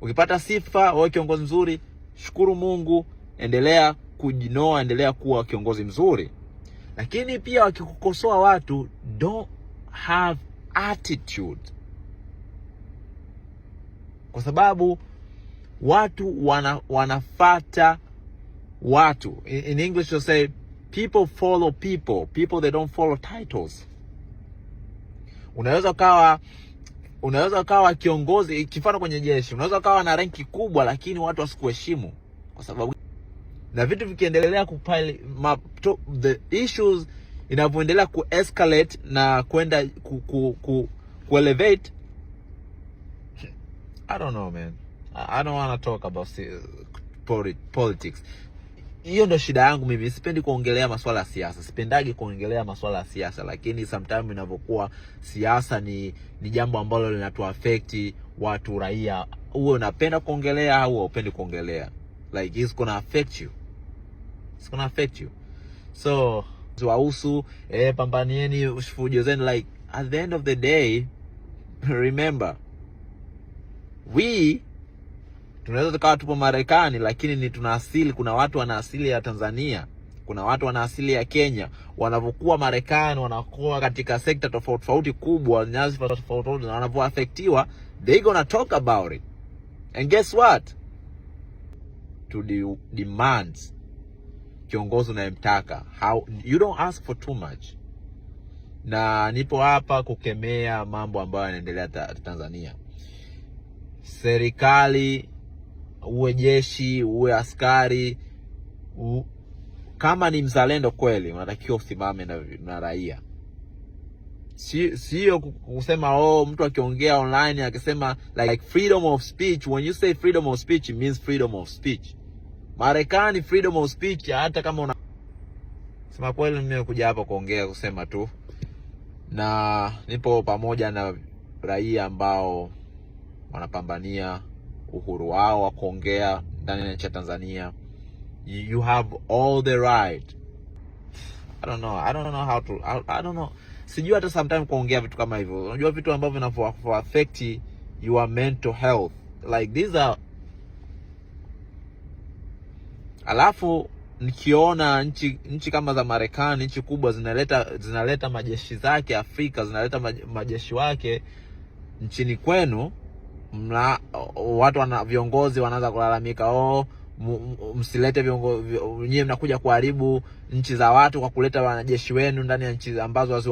Ukipata sifa, wewe kiongozi mzuri, shukuru Mungu, endelea kujinoa, endelea kuwa kiongozi mzuri. Lakini pia wakikukosoa watu, don't have attitude, kwa sababu watu wana, wanafata watu. In, English say people follow people, people they don't follow titles. Unaweza ukawa unaweza ukawa kiongozi, kifano kwenye jeshi, unaweza ukawa na ranki kubwa, lakini watu wasikuheshimu kwa sababu na vitu vikiendelea kupile the issues inavyoendelea escalate na kwenda ku, ku, ku, ku elevate. I don't know man, I don't want to talk about politics hiyo ndio shida yangu mimi. Sipendi kuongelea masuala ya siasa, sipendagi kuongelea masuala ya siasa, lakini sometimes inavyokuwa siasa ni, ni jambo ambalo linatuafekti watu raia, uwe unapenda kuongelea au haupendi kuongelea, like it's gonna affect you, it's gonna affect you. So wahusu eh, pambanieni fujo zenu, like at the end of the day remember we tunaweza tukawa tupo Marekani, lakini ni tuna asili, kuna watu wana asili ya Tanzania, kuna watu wana asili ya Kenya. Wanavyokuwa Marekani, wanakuwa katika sekta tofauti tofauti kubwa, nyadhifa tofauti tofauti, na wanavyoaffectiwa, they gonna talk about it and guess what, to the demands kiongozi unayemtaka. How you don't ask for too much. Na nipo hapa kukemea mambo ambayo yanaendelea Tanzania. Serikali uwe jeshi, uwe askari u... kama ni mzalendo kweli, unatakiwa usimame na, na raia, siyo kusema oh, mtu akiongea online akisema like freedom of speech. When you say freedom of speech it means freedom of speech. Marekani freedom of speech, hata kama una sema kweli, nimekuja hapa kuongea kusema tu, na nipo pamoja na raia ambao wanapambania uhuru wao wa kuongea ndani ya nchi ya Tanzania. You, have all the right. I don't know. I don't know how to I, I don't know. Sijui hata sometime kuongea vitu kama hivyo. Unajua vitu ambavyo vinavyo affect your mental health. Like these are Alafu nikiona nchi nchi kama za Marekani, nchi kubwa zinaleta zinaleta majeshi zake Afrika, zinaleta majeshi wake nchini kwenu mla, watu wana viongozi wanaanza kulalamika oh, msilete viongozi nyie, mnakuja kuharibu nchi za watu kwa kuleta wanajeshi wenu ndani ya nchi ambazo